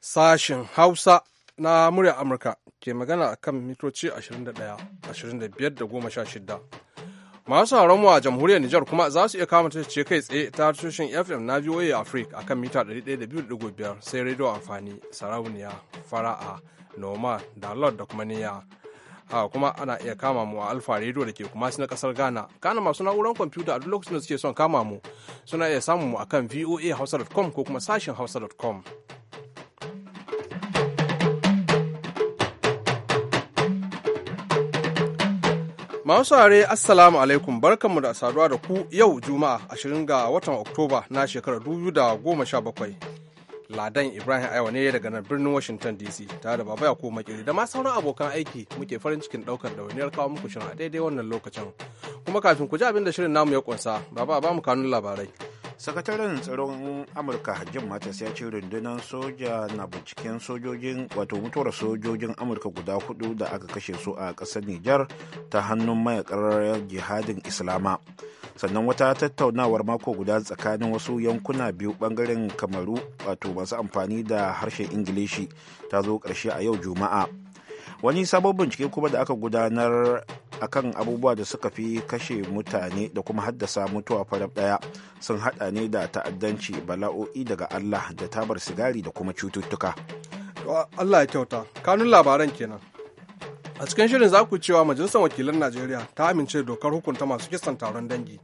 Sashen Hausa na murya Amurka ke magana a kan mitoci 21, 25 da 16. Masu haramu mu a jamhuriyar Nijar kuma za su iya kama ce kai tsaye ta tushen FM na VOA Africa a kan mita 102.5 sai rediyo amfani, sarauniya, fara'a, noma, da da kuma niyya. a kuma ana iya kama mu a alfa radio da ke kuma na kasar ghana ghana masu na'urar kwamfuta a duk lokacin da suke son kama mu suna iya samun mu akan voa hausa.com ko kuma sashen hausa.com Masu saurare Assalamu alaikum barkanmu da saduwa da ku yau Juma'a 20 ga watan Oktoba na shekarar 2017. Ladan Ibrahim Aiwa ne daga nan birnin Washington DC tare da Baba Yakubu Makiri da ma sauran abokan aiki muke farin cikin daukar dawainiyar kawo muku shirin a daidai wannan lokacin. Kuma kafin ku ji abin da shirin namu ya kunsa, Baba ba mu kanun labarai. Sakataren tsaron Amurka Jim Mattis ya ce rundunar soja na binciken sojojin wato mutuwar sojojin Amurka guda hudu da aka kashe su a ƙasar Nijar ta hannun mayakar jihadin Islama. sannan wata tattaunawar mako guda tsakanin wasu yankuna biyu bangaren kamaru wato masu amfani da harshen ingilishi ta zo ƙarshe a yau juma'a wani sabon bincike kuma da aka gudanar akan abubuwa da suka fi kashe mutane da kuma haddasa mutuwa farar ɗaya sun haɗa ne da ta'addanci bala'o'i daga allah da tabar sigari da kuma cututtuka Allah ya kyauta kanun labaran kenan a cikin shirin za ku cewa majalisar wakilan najeriya ta amince dokar hukunta masu kisan taron dangi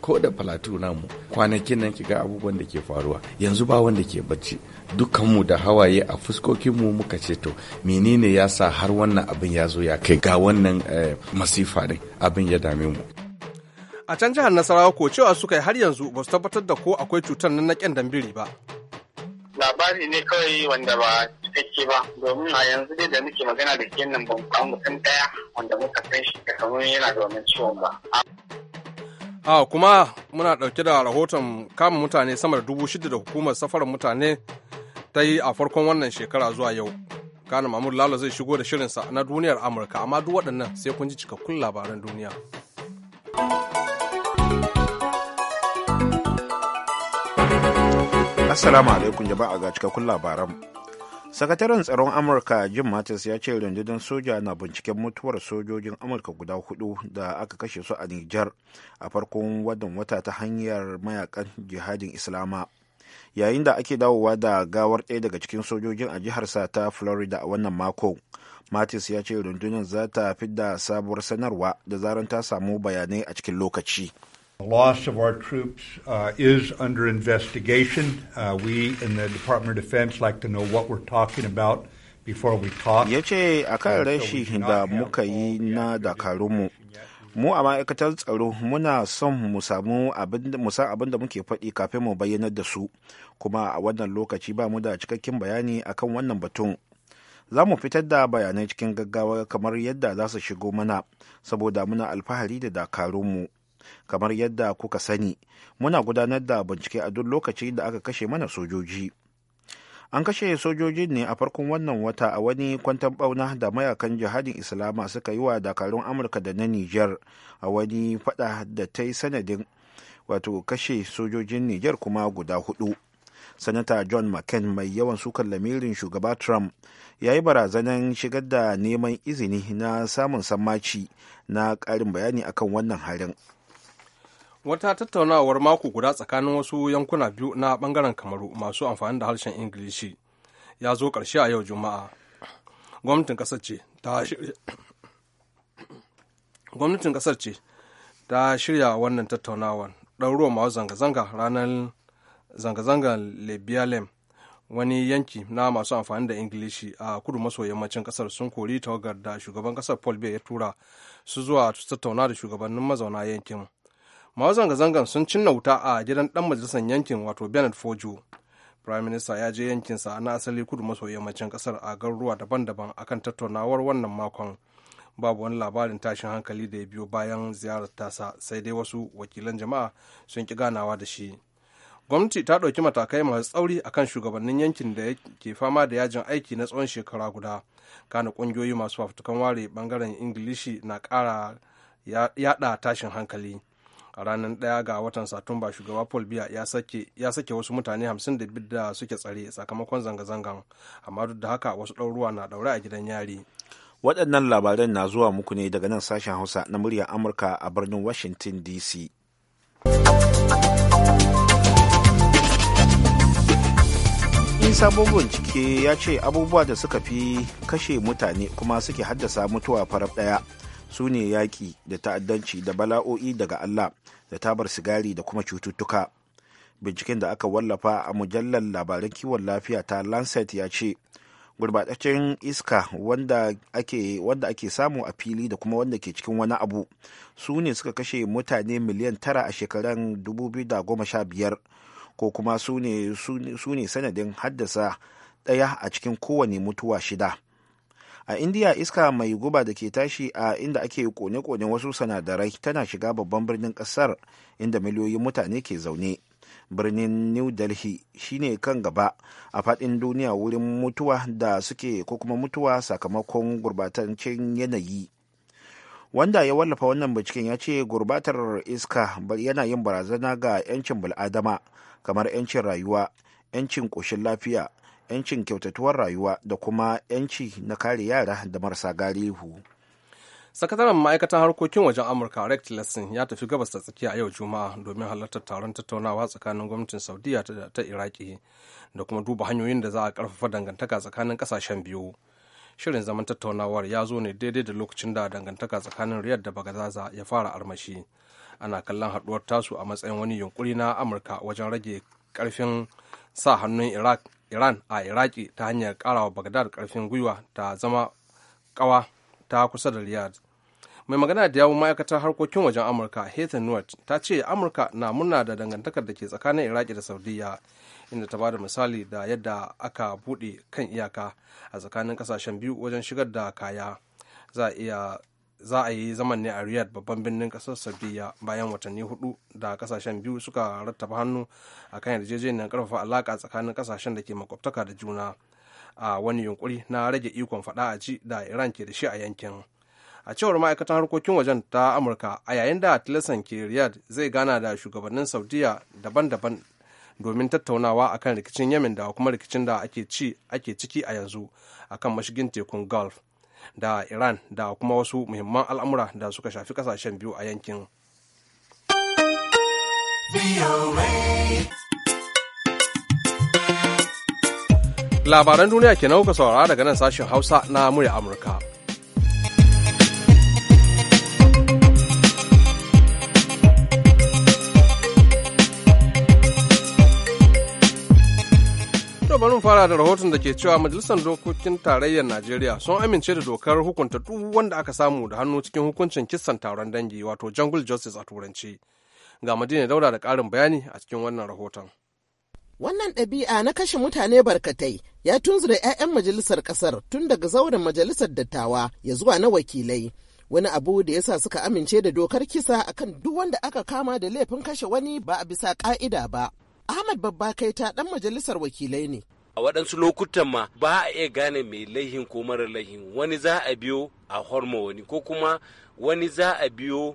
ko da falatu namu kwanakin nan kiga abubuwan da ke faruwa yanzu ba wanda ke bacci dukkanmu da hawaye a fuskokinmu muka ce to menene ya sa har wannan abin ya zo ya kai ga wannan eh, masifa ɗin abin ya dame mu a can jihar nasarawa ko cewa suka yi har yanzu ba su tabbatar da ko akwai cutar nan na kyan dambiri ba labari ne kawai wanda ba cikakke ba domin a yanzu dai da muke magana da ke nan ban mutum daya wanda muka san shi da kamar yana da wannan ciwon ba. A kuma muna ɗauke da rahoton kama mutane sama da dubu shida da hukumar safarar mutane ta yi a farkon wannan shekara zuwa yau. Kana Mahmud Lalo zai shigo da shirinsa na duniyar Amurka amma duk waɗannan sai kun ji cikakkun labaran duniya. Assalamu alaikum jama'a ga cikakkun labaran. Sakataren tsaron Amurka Jim Mattis ya ce rundunar soja na binciken mutuwar sojojin Amurka guda hudu da aka kashe su a Nijar a farkon wannan wata ta hanyar mayakan jihadin Islama. Yayin da ake dawowa da gawar ɗaya daga cikin sojojin a sa ta Florida a wannan mako, Mattis ya ce rundunar za ta fidda sabuwar sanarwa da zaran ta samu bayanai a cikin lokaci. The loss of our troops uh, is under investigation. Uh, we in the Department of Defense like to know what we're talking about before we talk. Ya ce a kan rashi da muka yi na dakarunmu. Mu a ma'aikatar tsaro muna son mu samu abin da muke faɗi kafin mu bayyanar da su, kuma a wannan lokaci ba mu da cikakken bayani akan wannan batun. za mu fitar da bayanai cikin gaggawa kamar yadda za su shigo mana saboda muna alfahari da dakarunmu kamar yadda kuka sani muna gudanar da bincike a duk lokaci da aka kashe mana sojoji an kashe sojojin ne a farkon wannan wata a wani kwantan bauna da mayakan jihadin islama suka yi wa dakarun amurka da na niger a wani fada da ta yi sanadin wato kashe sojojin niger kuma guda hudu sanata john mccain mai yawan sukan lamirin shugaba trump ya yi barazanan shigar da neman izini na samun sammaci na karin bayani akan wannan harin. wata tattaunawar mako guda tsakanin wasu yankuna biyu na bangaren kamaru masu amfani da harshen ingilishi ya zo ƙarshe a yau juma'a gwamnatin ƙasar ce ta shirya wannan tattaunawar ɗaruruwa masu zanga-zanga ranar zanga-zangar lebialem wani yanki na masu amfani da ingilishi a kudu maso yammacin kasar sun kori tawagar da shugaban kasar paul biya ya tura su zuwa tattauna da shugabannin mazauna yankin masu zanga-zangan sun cinna wuta a gidan dan majalisar yankin wato bernard fojo prime minister ya je yankinsa na asali kudu maso yammacin kasar a garuruwa daban-daban akan tattaunawar wannan makon babu wani labarin tashin hankali da ya biyo bayan ziyarar tasa sai dai wasu wakilan jama'a sun ki ganawa da shi gwamnati ta ɗauki matakai masu tsauri akan shugabannin yankin da ke fama da yajin aiki na tsawon shekara guda kana ƙungiyoyi masu fafutukan ware bangaren ingilishi na ƙara yaɗa tashin hankali a ranar ɗaya ga watan satumba shugaba paul biya ya sake wasu mutane 50 da suke tsare sakamakon zanga-zangan amma duk da haka wasu ɗauruwa na ɗaure a gidan yari waɗannan labaran na zuwa muku ne daga nan sashen hausa na muryar amurka a birnin washington dc sabon cike ya ce abubuwa da suka fi kashe mutane kuma suke haddasa mutuwa faraf ɗaya su ne yaƙi da ta'addanci da bala'o'i daga Allah da tabar sigari da kuma cututtuka binciken da aka wallafa a mujallar labaran kiwon lafiya ta lancet ya ce gurbataccen iska wanda ake, wanda ake samu a fili da kuma wanda ke cikin wani abu su ne suka kashe mutane miliyan tara a shekaran 2015 ko kuma su ne sanadin haddasa ɗaya a cikin kowane mutuwa shida a indiya iska mai guba da ke tashi a inda ake kone-kone wasu sanadarai tana shiga babban birnin kasar inda miliyoyin mutane ke zaune birnin new delhi shine kan gaba a fadin duniya wurin mutuwa da suke ko kuma mutuwa sakamakon gurbatancin yanayi wanda ya wallafa wannan binciken ya ce gurbatar iska yana yin barazana ga 'yancin bil'adama kamar 'yancin rayuwa 'yancin ƙoshin lafiya 'yancin kyautatuwar rayuwa da kuma 'yanci na kare yara da marasa galihu. sakataren ma'aikatan harkokin wajen amurka rex tillerson ya tafi gabas ta tsakiya yau juma'a domin halartar taron tattaunawa tsakanin gwamnatin saudiya ta iraki da kuma duba hanyoyin da za a karfafa dangantaka tsakanin kasashen biyu shirin zaman tattaunawar ya zo ne daidai da lokacin da dangantaka tsakanin riyad da bagazaza ya fara armashi ana kallon haduwar tasu a matsayin wani yunkuri na amurka wajen rage karfin sa hannun iraq iran a iraki ta hanyar karawa bagdad karfin gwiwa ta zama kawa ta kusa da riyadh mai magana da yawon ma'aikatar harkokin wajen amurka heather nuwat ta ce amurka na murna da dangantakar da ke tsakanin iraki da saudiya inda ta ba da misali da yadda aka buɗe kan iyaka a tsakanin kasashen biyu wajen shigar da kaya za a iya za a yi zaman ne a Riyad babban birnin kasar saudiya bayan watanni hudu da kasashen biyu suka rattaba hannu a kan yarjejeniyar karfafa alaka tsakanin kasashen da ke makwabtaka da juna a wani yunkuri na rage ikon fada a ci da iran ke da shi a yankin a cewar ma'aikatan harkokin wajen ta amurka a yayin da tilasan ke riyad zai gana da shugabannin saudiya daban-daban domin tattaunawa akan rikicin yamin da kuma rikicin da ake ake ciki a yanzu akan mashigin tekun gulf da iran da kuma wasu muhimman al'amura da suka shafi kasashen biyu a yankin labaran duniya ke nauka saurara daga nan sashen hausa na murya amurka bari mu fara da rahoton da ke cewa majalisar dokokin tarayyar najeriya sun amince da dokar hukunta duk wanda aka samu da hannu cikin hukuncin kisan taron dangi wato jungle justice a turanci ga madina daura da karin bayani a cikin wannan rahoton Wannan ɗabi'a na kashe mutane barkatai ya tunzura 'ya'yan majalisar ƙasar tun daga zauren majalisar dattawa ya zuwa na wakilai. Wani abu da yasa suka amince da dokar kisa akan duk wanda aka kama da laifin kashe wani ba a bisa ƙa'ida ba. Ahmad Babba kai ta dan majalisar wakilai ne. a waɗansu lokutan ma ba a iya gane mai laihin ko mara laihin wani za a biyo a horma wani ko kuma wani za a biyo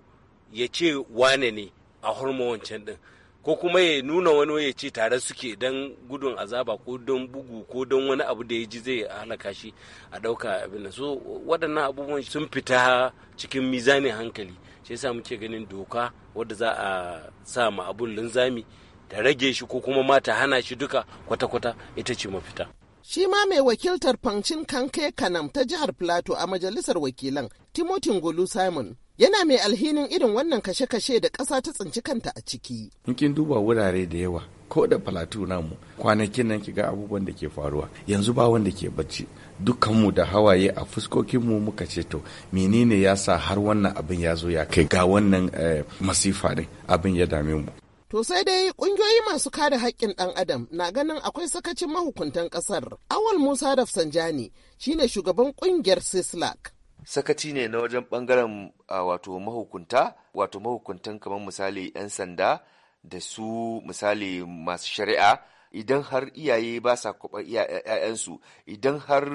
ya ce wane ne a horma wancan ɗin ko kuma ya nuna wani ya ce tare suke don gudun azaba ko don bugu ko don wani abu da ya ji zai halaka shi a ɗauka abin so waɗannan abubuwan sun fita cikin mizanin hankali shi yasa muke ganin doka wadda za a sa ma abun linzami ta rage shi ko kuma ma ta hana shi duka kwata-kwata ita ce mafita. Shi ma mai wakiltar fancin kankai kanam ta jihar Plateau a majalisar wakilan timothy Ngolu Simon yana mai alhinin irin wannan kashe-kashe da kasa ta tsinci kanta a ciki. In kin duba wurare da yawa ko da Plateau namu kwanakin nan kiga abubuwan da ke faruwa yanzu ba wanda ke bacci dukkanmu da hawaye a fuskokinmu muka ce to menene ya sa har wannan abin ya zo ya kai ga wannan eh, masifa ne abin ya dame mu. To sai dai kungiyoyi masu kare haƙƙin ɗan adam na ganin akwai sakacin mahukuntan ƙasar. Awal Musa Rafsanjani shine shugaban kungiyar Sislak. Sakaci ne na wajen ɓangaren wato mahukunta, wato mahukuntan kamar misali 'yan sanda da su misali masu shari'a idan har iyaye ba sa kwaɓar 'ya'yansu idan har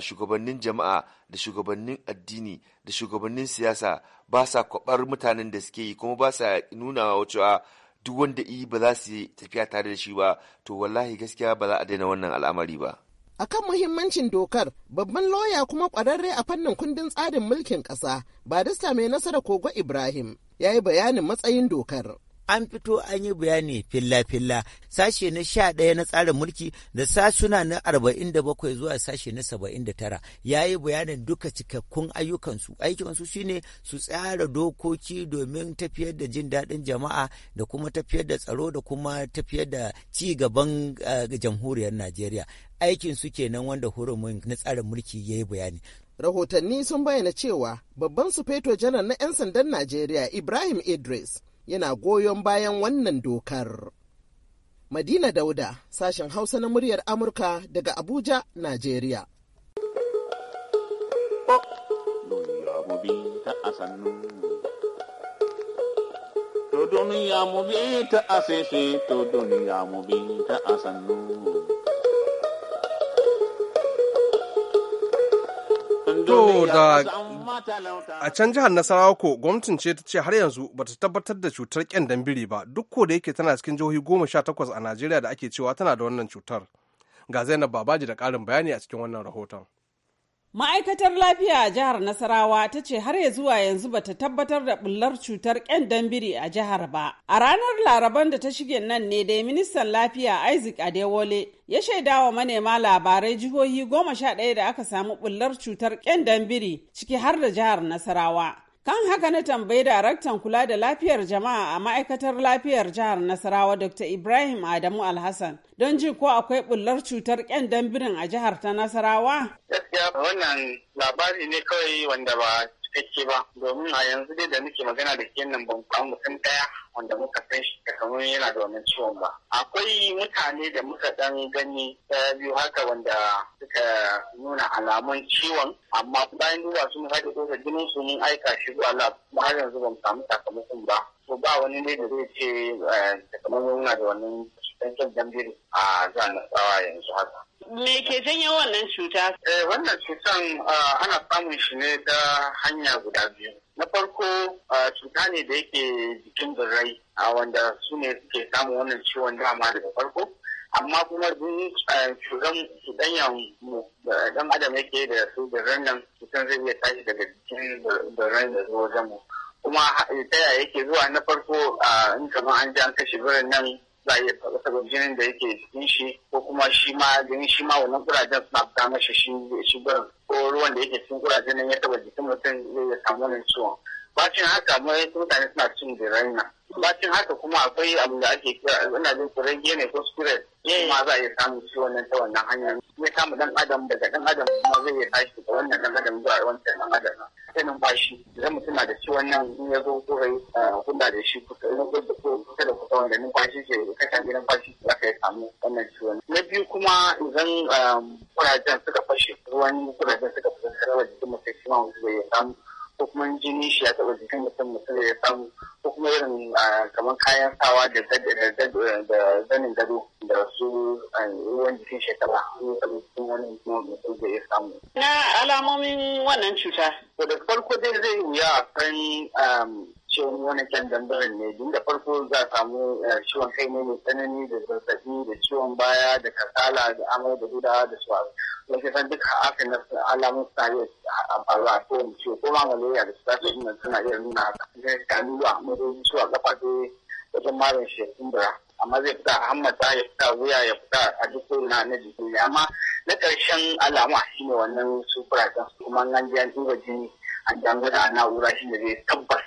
shugabannin jama'a da shugabannin addini da shugabannin siyasa ba sa kwaɓar mutanen da suke yi kuma ba sa nuna cewa duk wanda i ba za su yi tafiya tare da shi ba to wallahi gaskiya ba za a daina wannan al'amari ba A kan muhimmancin dokar babban lauya kuma kwararre a fannin kundin tsarin mulkin ƙasa barista mai nasara kogo ibrahim ya yi bayanin matsayin dokar an fito an yi bayani filla-filla sashe na sha ɗaya na tsarin mulki da sasuna na arba'in da bakwai zuwa sashe na saba'in da tara ya yi bayanin duka cikakkun ayyukansu aikinsu shine su tsara dokoki domin tafiyar da jin daɗin jama'a da kuma tafiyar da tsaro da kuma tafiyar da ci gaban eh, jamhuriyar najeriya aikin su kenan wanda hurumin na tsarin mulki ya yi bayani rahotanni sun bayyana cewa babban sufeto janar na 'yan sandan najeriya ibrahim idris yana goyon bayan wannan dokar. Madina Dauda, sashen Hausa na muryar Amurka daga Abuja, Najeriya. To duniya mu bi ta asese, to duniya mu bi ta asannu. To da a can jihar Nasarawa gwamnatin ce ta ce har yanzu ba ta tabbatar da cutar ƙyan biri ba duk ko da yake tana cikin jihohi goma sha takwas a Najeriya da ake cewa tana da wannan cutar. Ga Zainab Babaji da ƙarin bayani a cikin wannan rahoton. Ma'aikatar lafiya a jihar Nasarawa ta ce har ya zuwa yanzu bata tabbatar da bullar cutar dambiri a jihar ba. A ranar laraban da ta shige nan ne dai ministan lafiya Isaac Adewole ya shaidawa manema labarai jihohi goma sha ɗaya da aka samu bullar cutar dambiri ciki har da jihar Nasarawa. Kan haka na tambayi daraktan kula da lafiyar jama'a a ma'aikatar lafiyar jihar Nasarawa Dr. Ibrahim Adamu Alhassan don ji ko akwai bullar cutar kyan birin a jihar ta Nasarawa. Gaskiya wannan labari ne kawai wanda ba cikakke ba domin a yanzu dai da muke magana da ke nan ban kwan mutum daya wanda muka san shi kamar yana da wannan ciwon ba akwai mutane da muka dan gani ta biyu haka wanda suka nuna alamun ciwon amma bayan duba su mu haɗe dosa jinin su mun aika shi zuwa lab har yanzu ban samu sakamakon ba to ba wani ne da zai ce eh, kamar yana da wannan tsakiyar gambiri a jihar Nasarawa yanzu haka. Me ke janyo wannan cuta? Eh, wannan cutan ana samun shi ne ta hanya guda biyu. Na farko cuta ne da yake jikin birrai a wanda su ne suke samun wannan ciwon dama daga farko. Amma kuma cutan cutan mu dan adam yake da su birran nan cutan zai iya tashi daga jikin birrai da zuwa wajen mu. Kuma ta yaya yake zuwa na farko in kama an ji an kashe birnin nan za a iya jinin da yake jikin shi ko kuma shi ma jinin shi ma wannan kurajen suna fita mashi shi shi gurin ko ruwan da yake cikin kurajen nan ya taba jikin mutum zai ya samu wani ciwon bacin haka mai mutane suna cin biraina bacin haka kuma akwai abu da ake kira ina jin kurege ne ko spirit kuma za a iya samun ciwon nan ta wannan hanyar ya samu dan adam daga dan adam kuma zai iya tashi da wannan dan adam zuwa wancan dan adam sai numfashi idan mutum na da ciwon nan in ya zo kurai kunda eh, da shi kusa ta wanda numfashi ke kasance numfashi da aka yi samu wannan ciwon. Na biyu kuma idan um, kurajen suka fashe ruwan kurajen suka fashe sarrafa jikin mutum shi ma mutum ya samu ko kuma jini shi ya taɓa jikin mutum mutum ya samu ko kuma irin uh, kamar kayan sawa da zanin gado da su um, ruwan jikin shi ya taɓa jikin wani mutum zai ya samu. Na alamomin wannan cuta. Da farko dai zai wuya a kan um, ciwon wani kyan dambarin ne duk da farko za a samu eh, ciwon kai ne mai tsanani da zazzabi da ciwon baya da kasala da amai da gudawa da su wasu san duka haka na alamun tsari a faru a kowane ciwo ko ma malaria da su zasu nan suna iya nuna haka zai ka nuna madogin ciwon kafa dai wajen marin shekun kumbura amma zai fita a hammata ya fita wuya ya fita a duk na na jiki ne amma na ƙarshen alama shine wannan su kuma an ji duba jini a dangana a na'ura shi da zai tabbas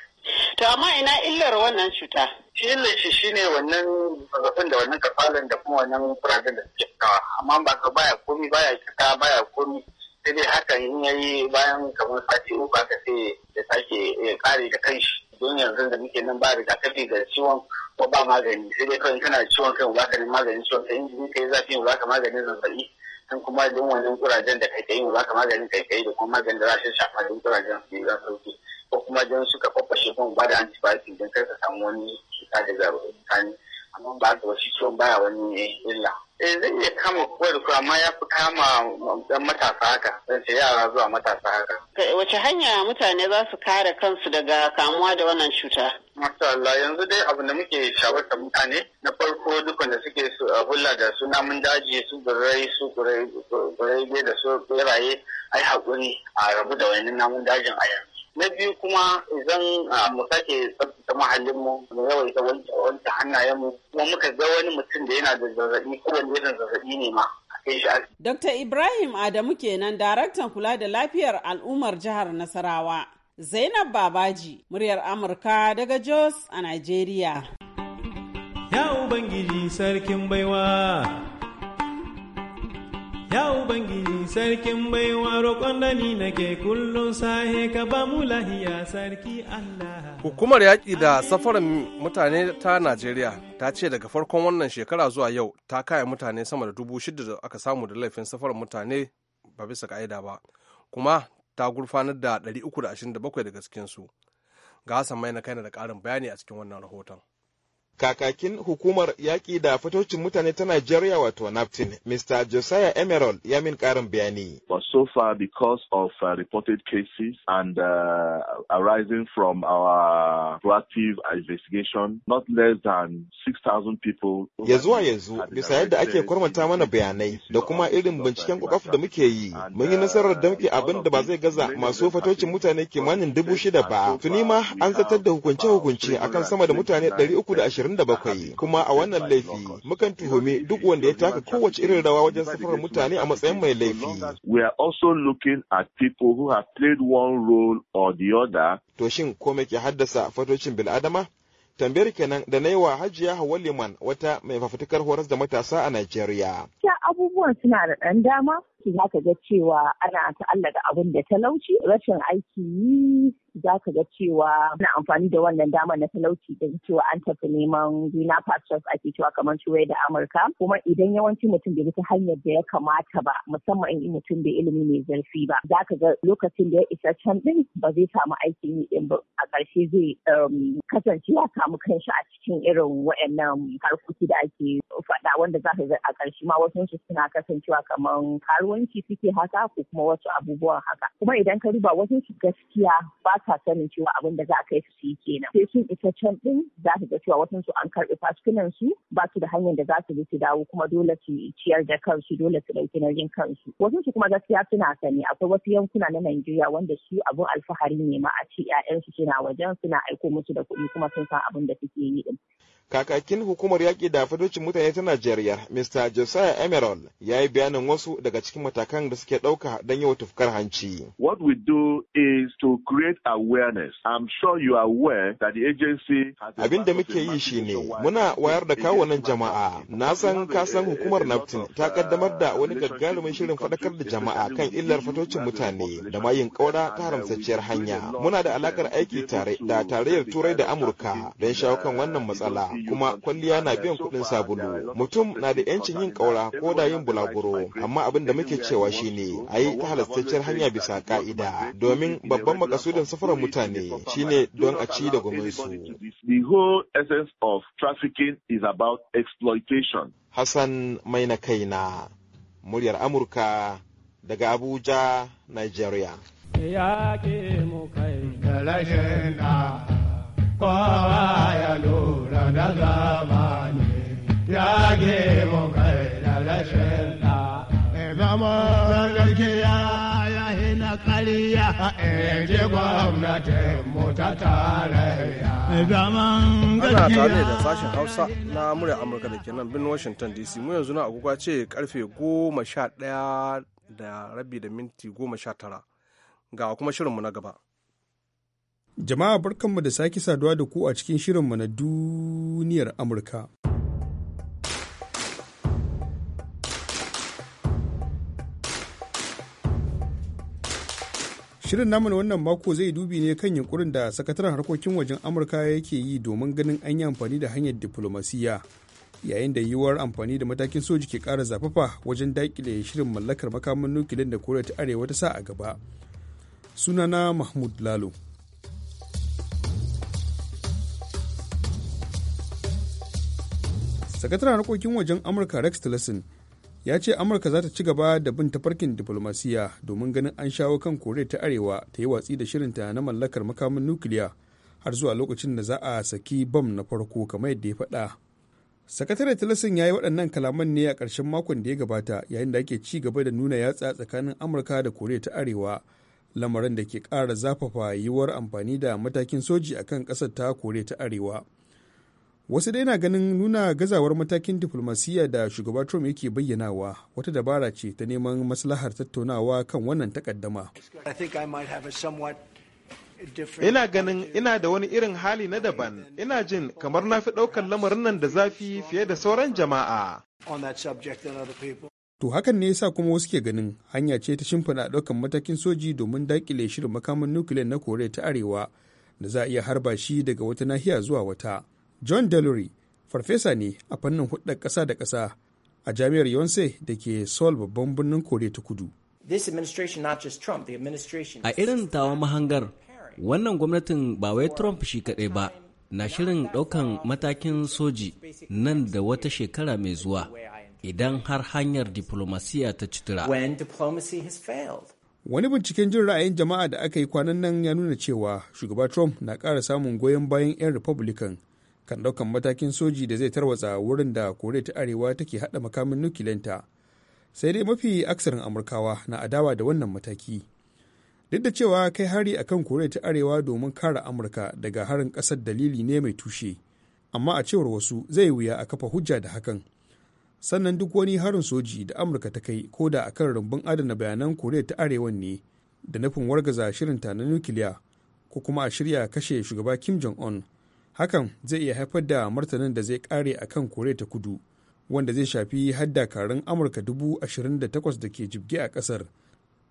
To amma ina illar wannan cuta? Illar shi shi ne wannan zazzafin da wannan kafalan da kuma wannan kurajen da suke kawa. Amma ba ka baya komi baya cuta baya komi sai dai haka in yayi bayan kamar sati uku aka sai da sake ya kare da kanshi. Don yanzu da muke nan ba rigakafi ga ciwon ko ba magani sai dai kawai kana ciwon kai ba ka maganin ciwon kai in yi zafi ba ka maganin zazzabi. sun kuma don wannan kurajen da kai kai ba ka maganin kai kai da kuma maganin da za su shafa don kurajen su yi za su ko kuma jan suka shi kuma ba da antibiotic don kai ka samu wani cuta da zarurin tsakanin amma ba da wasu ciwon baya wani illa. Eh zai iya kama kowa da amma ya fi kama dan matasa haka zan ce yara zuwa matasa haka. Wace hanya mutane za su kare kansu daga kamuwa da wannan cuta? Masha Allah yanzu dai abu da muke shawarta mutane na farko dukkan da suke hulla da su namun daji su birrai su birrai da su beraye ai haƙuri a rabu da wani namun dajin a yanzu. na biyu kuma idan ah, mu sake tsabtace muhallinmu mu yawaita wanke mu kuma muka ga wani mutum da yana da zazzabi ko wanda yana zazzabi ne ma Dr. Ibrahim Adamu kenan daraktan kula da lafiyar al'ummar jihar Nasarawa. Zainab Babaji, muryar Amurka daga Jos a Najeriya. Ya Ubangiji sarkin baiwa. Ya Ubangiji sarkin baiwa roƙon da nake kullum sahe ka ba mu lahiya sarki Allah. Hukumar yaƙi da safaran mutane ta Najeriya ta ce daga farkon wannan shekara zuwa yau ta kaya mutane sama da dubu shida da aka samu da laifin safaran mutane ba bisa ka'ida ba, kuma ta gurfanar da 327 daga cikinsu. Ga Hassan Mai na kaina da ƙarin bayani a cikin wannan rahoton. kakakin hukumar yaƙi da fatocin mutane ta Najeriya wato Naftin, Mr. Josiah Emerald ya min ƙarin bayani. But so far because of uh, reported cases and uh, arising from our proactive investigation, not less than 6,000 people. Ya zuwa yanzu bisa yadda ake kwarmata mana bayanai da kuma irin binciken kwakwaf da muke yi, mun yi nasarar uh, muke abin da ba zai gaza masu fatocin mutane kimanin uh, dubu shida ba. Tuni ma an zartar da hukunce-hukunce akan sama da mutane 320 27 kuma a wannan laifi mukan tuhumi duk wanda ya taka kowace irin rawa wajen safar mutane a matsayin mai laifi. We are also looking at people who have played one role or the other. To shin ko ke haddasa fatocin bil'adama? tambayar kenan da na yi wa hajiya hawa liman wata mai fafutukar horas da matasa a Najeriya. Ya abubuwan suna da ɗan dama, za ka ga cewa ana ta'allaka abin da talauci, rashin aiki yi za ka ga cewa na amfani da wannan dama na talauci da cewa an tafi neman greener a ake cewa kamar turai da amurka kuma idan yawanci mutum bai ta hanyar da ya kamata ba musamman in mutum bai ilimi mai zurfi ba za ka ga lokacin da ya isa can din ba zai samu aikin yi din ba a ƙarshe zai um, kasance ya samu kanshi a cikin irin waɗannan harkoki da ake faɗa wanda za ka ga a ƙarshe ma wasu suna kasancewa kamar karuwanci suke haka ko kuma wasu abubuwan haka kuma idan ka duba wasu gaskiya ba sa sanin cewa abin da za a kai su yi kenan sai sun isa can din za ka ga cewa wasan su an karɓi fasfinan su ba su da hanyar da za su bi su dawo kuma dole su ciyar da kansu dole su ɗauki nauyin kansu wasu su kuma gaskiya suna sani akwai wasu yankuna na Najeriya wanda su abun alfahari ne ma a ci su suna wajen suna aiko musu da kuɗi kuma sun san abin da suke yi din kakakin hukumar yaƙi da fadocin mutane ta Najeriya, Mr. Josiah Emerald, ya yi bayanin wasu daga cikin matakan da suke ɗauka don yawa tufkar hanci. What we do is to create a Abin da muke yi shi ne, muna wayar da kawunan jama'a. Na san kasan hukumar Naftin ta kaddamar da uh, wani gagarumin shirin faɗakar da jama'a kan illar fatocin mutane da mayin ƙaura ta haramtacciyar hanya. Muna da alakar aiki tare da tarayyar Turai da Amurka don shawo kan wannan matsala, kuma kwalliya na biyan kuɗin sabulu. Mutum na da 'yancin yin ƙaura ko da yin bulaguro, amma abin da muke cewa shi ne, a yi ta halastacciyar hanya bisa ƙa'ida, domin babban makasudin safarar mutane shine don a ci da gwamnati. The whole essence of trafficking is about exploitation. Hassan mai na kaina, muryar Amurka daga Abuja, Nigeria. Ya ke mu kai da rashin na kowa ya lura da taimaki gwamnatin Ana tare da sashen Hausa na murya Amurka da ke nan birnin Washington DC mu yanzu na agogo ce karfe goma sha ɗaya da da minti goma sha tara ga kuma shirinmu na gaba. Jama'a barkanmu da sake saduwa da ku a cikin shirinmu na duniyar Amurka. Shirin namu na wannan mako zai dubi ne kan yunkurin da sakataren harkokin wajen Amurka yake yi domin ganin an yi amfani da hanyar diflomasiyya yayin da yiwuwar amfani da matakin soji ke kara zafafa wajen daƙile shirin mallakar makaman nukilin da Koriya ta Arewa ta sa a gaba. Sunana Mahmud Lalo. Sakataren harkokin wajen Amurka Rex Tillerson ya ce amurka za ta ci gaba da bin tafarkin diflomasiya domin ganin an shawo kan koriya ta arewa ta yi watsi da shirinta na mallakar makamin nukiliya har zuwa lokacin da za a saki bam na farko kamar yadda ya faɗa sakatare tilasin ya yi waɗannan kalaman ne a ƙarshen makon da ya gabata yayin da ake ci gaba da nuna yatsa tsakanin amurka da koriya ta arewa lamarin da ke ƙara zafafa yiwuwar amfani da matakin soji akan ƙasar ta koriya ta arewa wasu dai na ganin nuna gazawar matakin diflomasiyya da shugaba trump yake bayyanawa wata dabara ce ta neman maslahar tattaunawa kan wannan takaddama ina ganin ina da wani irin hali na daban ina jin kamar na fi ɗaukar lamarin nan da zafi fiye da sauran jama'a to hakan ne yasa kuma wasu ke ganin hanya ce ta shimfiɗa ɗaukan matakin soji domin daƙile shirin makaman nukiliyan na koriya ta arewa da za a iya harba shi daga wata nahiya zuwa wata John Delury farfesa ne a fannin hudar kasa da kasa a jami'ar yonse da ke Seoul babban birnin Koriya ta Kudu. A irin tawa mahangar, wannan gwamnatin ba wai Trump shi kaɗai ba, na shirin ɗaukan matakin soji nan da wata shekara mai zuwa idan har hanyar diplomasiya ta citura. Wani binciken jin ra'ayin jama'a da aka yi kwanan nan ya nuna cewa shugaba Trump na ƙara samun goyon bayan 'yan Republican kan ɗaukan matakin soji da zai tarwatsa wurin da koriya ta arewa take hada makamin nukiliyanta sai dai mafi aksarin amurkawa na adawa da wannan mataki duk da cewa kai hari akan koriya ta arewa domin kare amurka daga harin kasar dalili ne mai tushe amma a cewar wasu zai wuya a kafa hujja da hakan sannan duk wani harin soji da amurka ta kai ko da akan rumbun adana bayanan koriya ta arewa ne da nufin wargaza shirinta na nukiliya ko kuma a shirya kashe shugaba kim jong-un hakan zai iya haifar da martanin da zai kare a kan koriya ta kudu wanda zai shafi hadda karin amurka dubu ashirin da takwas da ke jibge a kasar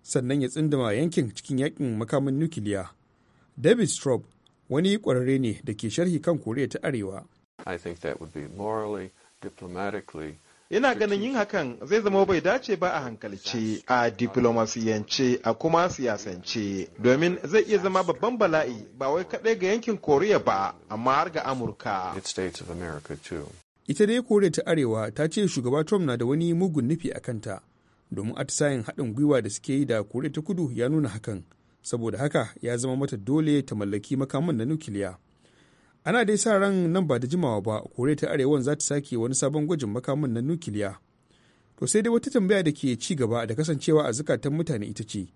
sannan ya tsindama yankin cikin yakin makamin nukiliya david straub wani kwararre ne da ke sharhi kan koriya ta arewa I think that be morally, Ina ganin yin hakan zai zama bai dace ba a hankalce, a diplomasiyance, a kuma siyasance, domin zai iya zama babban bala'i ba wai kaɗai ga yankin Koriya ba, amma har ga Amurka. Ita dai Koriya ta Arewa ta ce shugaba Trump na da wani mugun nufi a kanta, domin atisayen haɗin gwiwa da suke yi da Koriya ta Kudu ya nuna hakan, saboda haka ya zama mata dole ta mallaki makaman na nukiliya. ana dai sa ran nan ba da jimawa ba kore ta arewan za ta sake wani sabon gwajin makamin na nukiliya to sai dai wata tambaya da ke ci gaba da kasancewa a zukatan mutane ita ce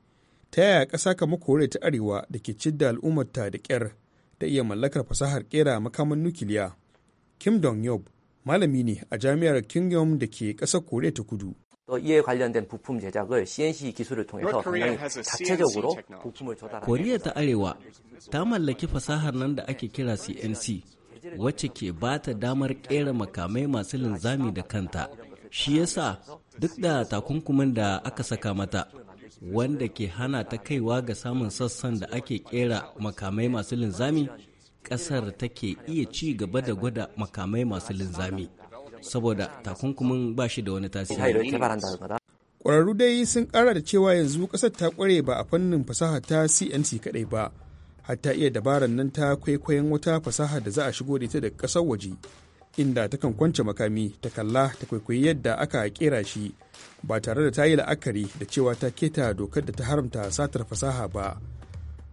ta yaya ƙasa kamar kore ta arewa da ke cidda al'ummarta da kyar ta iya mallakar fasahar kera makaman nukiliya kim dong yob malami ne a jami'ar kingdom da ke ƙasar kore ta kudu 또 이에 관련된 부품 제작을 CNC 기술을 통해서 자체적으로 부품을 ta mallaki fasahar nan da ake kira CNC wacce ke ba ta damar kera makamai masu linzami da kanta shi yasa duk da takunkumin da aka saka mata wanda ke hana ta kaiwa ga samun sassan da ake kera makamai masu linzami kasar take iya ci gaba da gwada makamai masu linzami saboda takunkumin ba shi da wani tasiri. Ƙwararru dai sun ƙara da cewa yanzu ƙasar ta kware ba a fannin fasaha ta CNC kaɗai ba, hatta iya dabarar nan ta kwaikwayon wata fasaha da za a shigo da ita daga ƙasar waje, inda ta kan kwance makami ta kalla ta kwaikwayi yadda aka kera shi ba tare da ta yi la'akari da cewa ta keta dokar da ta haramta satar fasaha ba.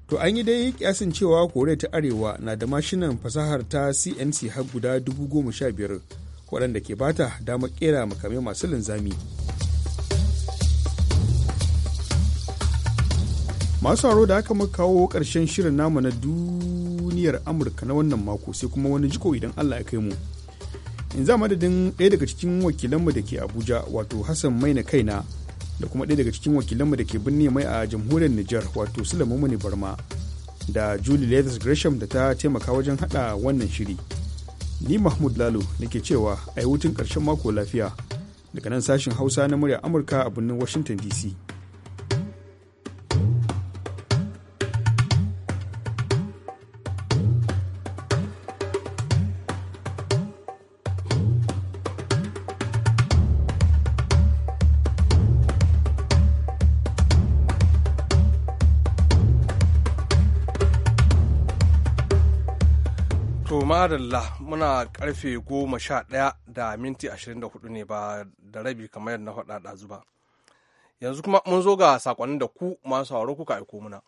To an yi dai kyasin cewa Koriya ta Arewa na da mashinan fasahar ta CNC har guda dubu goma sha biyar. waɗanda ke bata damar ƙera makamai masu linzami masu haro da aka muka kawo ƙarshen shirin namu na duniyar amurka na wannan mako sai kuma wani jiko idan allah ya kai mu in za madadin ɗaya daga cikin wakilanmu da ke abuja wato hassan mai na kaina da kuma ɗaya daga cikin wakilanmu da ke binne mai a jamhuriyar nijar wato sulaimu barma da julie leathers gresham da ta taimaka wajen haɗa wannan shiri ni mahmud lalo nake cewa a yi hutun ƙarshen mako lafiya daga nan sashin hausa na murya amurka a birnin washington dc madalla muna karfe goma sha ɗaya da minti ashirin da hudu ne ba da rabi kamar yadda na faɗa ɗazu ba yanzu kuma mun zo ga saƙonin da ku masu sauraro kuka aiko muna.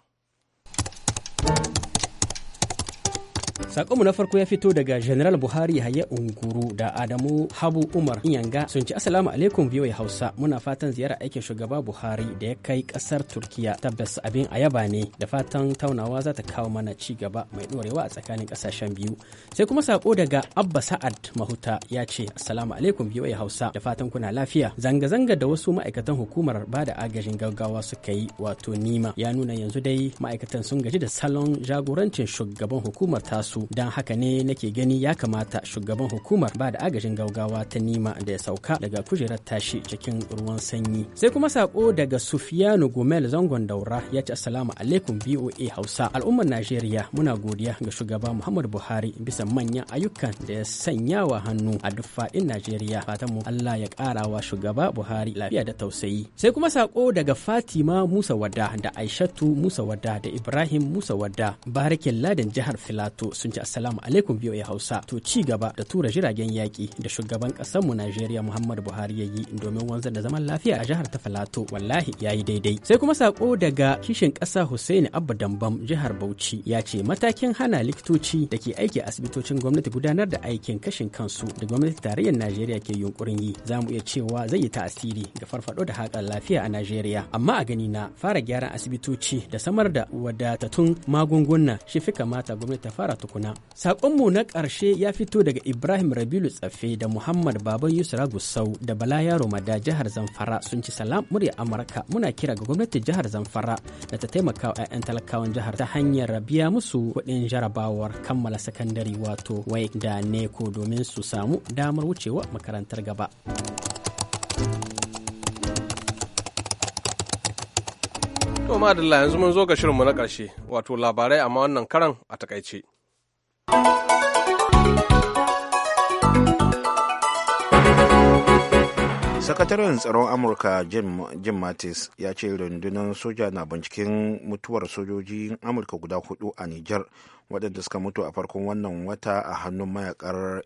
Sakonmu na farko ya fito daga General Buhari Yahaya Unguru da Adamu Habu Umar Yanga sun ci Assalamu alaikum biyoyi Hausa muna fatan ziyara aikin shugaba Buhari da ya kai ƙasar Turkiya tabbas abin ayaba ne da fatan taunawa za ta kawo mana ci gaba mai ɗorewa a tsakanin ƙasashen biyu. Sai kuma sako daga Abba Sa'ad Mahuta ya ce Assalamu alaikum biyoyi Hausa da fatan kuna lafiya. Zanga-zanga da wasu ma'aikatan hukumar ba da agajin gaggawa suka yi wato nima ya nuna yanzu dai ma'aikatan sun gaji da salon jagorancin shugaban hukumar tasu su don haka ne nake gani ya kamata shugaban hukumar ba da agajin gaugawa ta nima da ya sauka daga kujerar tashi cikin ruwan sanyi sai kuma sako daga sufiyanu gomel zangon daura ya ce assalamu alaikum boa hausa al'ummar najeriya muna godiya ga shugaba muhammadu buhari bisa manyan ayyukan da ya sanya wa hannu a duk faɗin najeriya fatan mu allah ya ƙara wa shugaba buhari lafiya da tausayi sai kuma sako daga fatima musa wadda da aishatu musa wadda da ibrahim musa wadda barakin ladan jihar filato sun sun ci assalamu alaikum ya hausa to ci gaba da tura jiragen yaƙi da shugaban mu najeriya muhammadu buhari ya yi domin wanzar da zaman lafiya a jihar ta falato wallahi ya yi daidai sai kuma sako daga kishin ƙasa hussaini abba dambam jihar bauchi ya ce matakin hana likitoci da ke aiki asibitocin gwamnati gudanar da aikin kashin kansu da gwamnati tarayyar najeriya ke yunkurin yi za mu iya cewa zai yi tasiri ga farfaɗo da haƙar lafiya a najeriya amma a gani na fara gyaran asibitoci da samar da wadatattun magunguna shi fi kamata gwamnati ta fara tukuna kuna. Saƙonmu na ƙarshe ya fito daga Ibrahim Rabilu Tsaffe da Muhammad Baban Yusra Gusau da Bala Yaro Mada jihar Zamfara sun ci salam murya Amurka muna kira ga gwamnati jihar Zamfara da ta taimaka wa 'ya'yan talakawan jihar ta hanyar biya musu kuɗin jarabawar kammala sakandare wato wai da neko domin su samu damar wucewa makarantar gaba. To madalla yanzu mun zo ga shirinmu na ƙarshe wato labarai amma wannan karan a takaice. sakataren tsaron amurka jim mattis ya ce rundunar soja na binciken mutuwar sojojin amurka guda hudu a niger waɗanda suka mutu a farkon wannan wata a hannun mayakar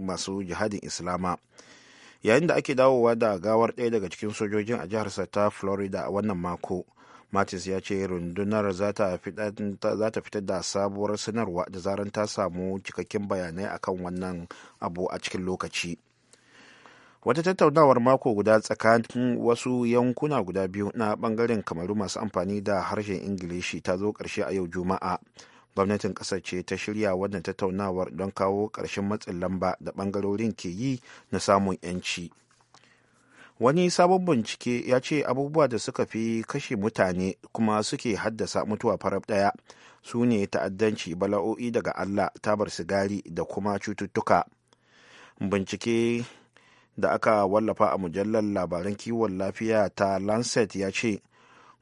masu jihadin islama yayin da ake dawowa da gawar ɗaya daga cikin sojojin a jiharsa ta florida a wannan mako matis ya ce rundunar za ta fitar da sabuwar sanarwa da zarar ta samu cikakken bayanai akan wannan abu a cikin lokaci wata tattaunawar mako guda tsakanin wasu yankuna guda biyu na bangaren kamaru masu amfani da harshen ingilishi ta zo ƙarshe a yau juma'a gwamnatin ƙasar ce ta shirya wannan tattaunawar don kawo ƙarshen matsin lamba da bangarorin ke yi na samun 'yanci wani sabon bincike ya ce abubuwa da suka fi kashe mutane kuma suke haddasa mutuwa farab ɗaya su ne ta'addanci bala'o'i daga allah tabar sigari da kuma cututtuka bincike da aka wallafa a mujallar labaran kiwon lafiya ta lancet ya ce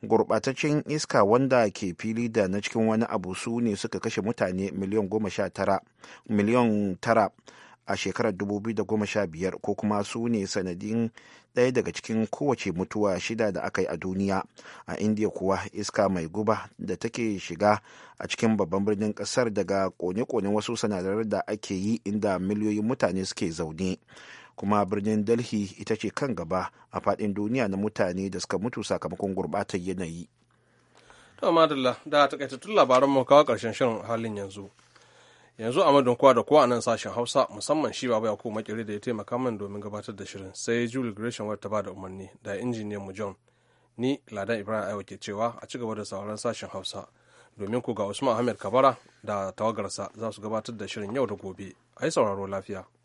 gurɓataccen iska wanda ke fili da na cikin wani abu su ne suka kashe mutane miliyan goma sha tara miliyan tara a shekarar 2015 ko kuma su ne sanadin ɗaya daga cikin kowace mutuwa shida da aka yi a duniya a indiya kuwa iska mai guba da take shiga a cikin babban birnin ƙasar daga kone-kone wasu sanadarar da ake yi inda miliyoyin mutane suke zaune kuma birnin delhi ita ce kan gaba a faɗin duniya na mutane da suka mutu sakamakon gurɓatar yanayi. madalla da labaran mu kawo ƙarshen shirin halin yanzu. yanzu a madon kowa da kowa a nan sashen hausa musamman shi baba yakubu makere da ya taimaka min domin gabatar da shirin sai julie gresham wadda ta ba da umarni da injiniyan mu john ni ladan ibrahim aiwa ke cewa a ci gaba da sauran sashen hausa domin ku ga usman ahmed kabara da tawagarsa za su gabatar da shirin yau da gobe a yi sauraro lafiya